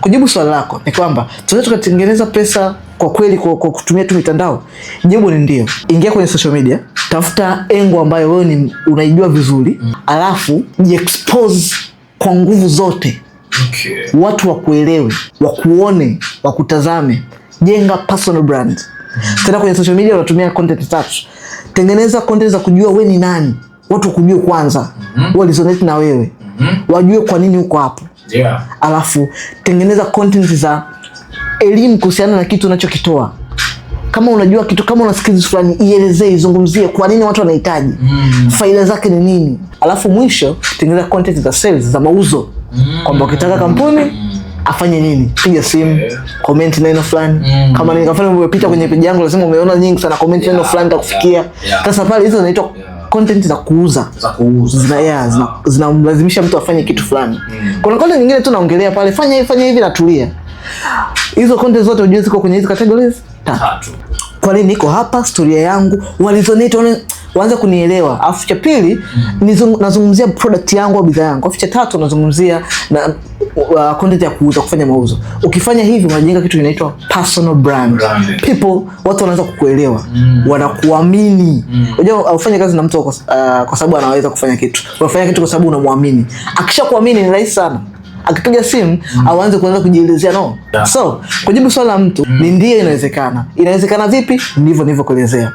Kujibu swali lako ni kwamba tunaweza tukatengeneza pesa kwa kweli kwa, kwa kutumia tu mitandao? Jibu ni ndio. Ingia kwenye social media, tafuta engo ambayo wewe unaijua vizuri, mm. alafu jiexpose kwa nguvu zote. Okay. Watu wakuelewe, wakuone, wakutazame. Jenga personal brand. Mm. Tena kwenye social media unatumia content tatu. Tengeneza content za kujua we ni nani, watu wakujue kwanza, mm -hmm. waresonate na wewe, mm -hmm. wajue kwa nini uko hapo yeah. Alafu tengeneza content za elimu kuhusiana na kitu unachokitoa kama unajua kitu kama una skills fulani ielezee, izungumzie kwa nini watu wanahitaji mm. faida zake ni nini. Alafu mwisho tengeneza content za sales za mauzo mm. kwamba ukitaka kampuni mm. afanye nini, piga simu, yeah. comment neno fulani mm. kama nini, kama umepita kwenye page yangu lazima umeona nyingi sana comment yeah. neno fulani takufikia sasa yeah. yeah. pale hizo zinaitwa yeah content za kuuza ah. zinamlazimisha mtu afanye kitu fulani. Mm. Kuna content nyingine tu naongelea pale, fanya hivi fanya hivi, natulia. Hizo content zote unajua ziko kwenye hizo categories tatu. Kwa nini niko hapa, storia yangu walizonate waanze kunielewa. Alafu cha pili mm. nazungumzia product yangu au bidhaa yangu. Alafu cha tatu nazungumzia na uh, content ya kuuza, kufanya mauzo. Ukifanya hivyo unajenga kitu kinaitwa personal brand. People watu wanaanza kukuelewa, mm. wanakuamini. Mm. Unajua uh, ufanye kazi na mtu uh, kwa sababu anaweza kufanya kitu. Unafanya kitu kwa sababu unamwamini. Akishakuamini ni rahisi sana akipiga simu mm. kuanza kujielezea no yeah. So kujibu swala la mtu mm. ni ndio, inawezekana. Inawezekana vipi? Ndivyo nilivyokuelezea.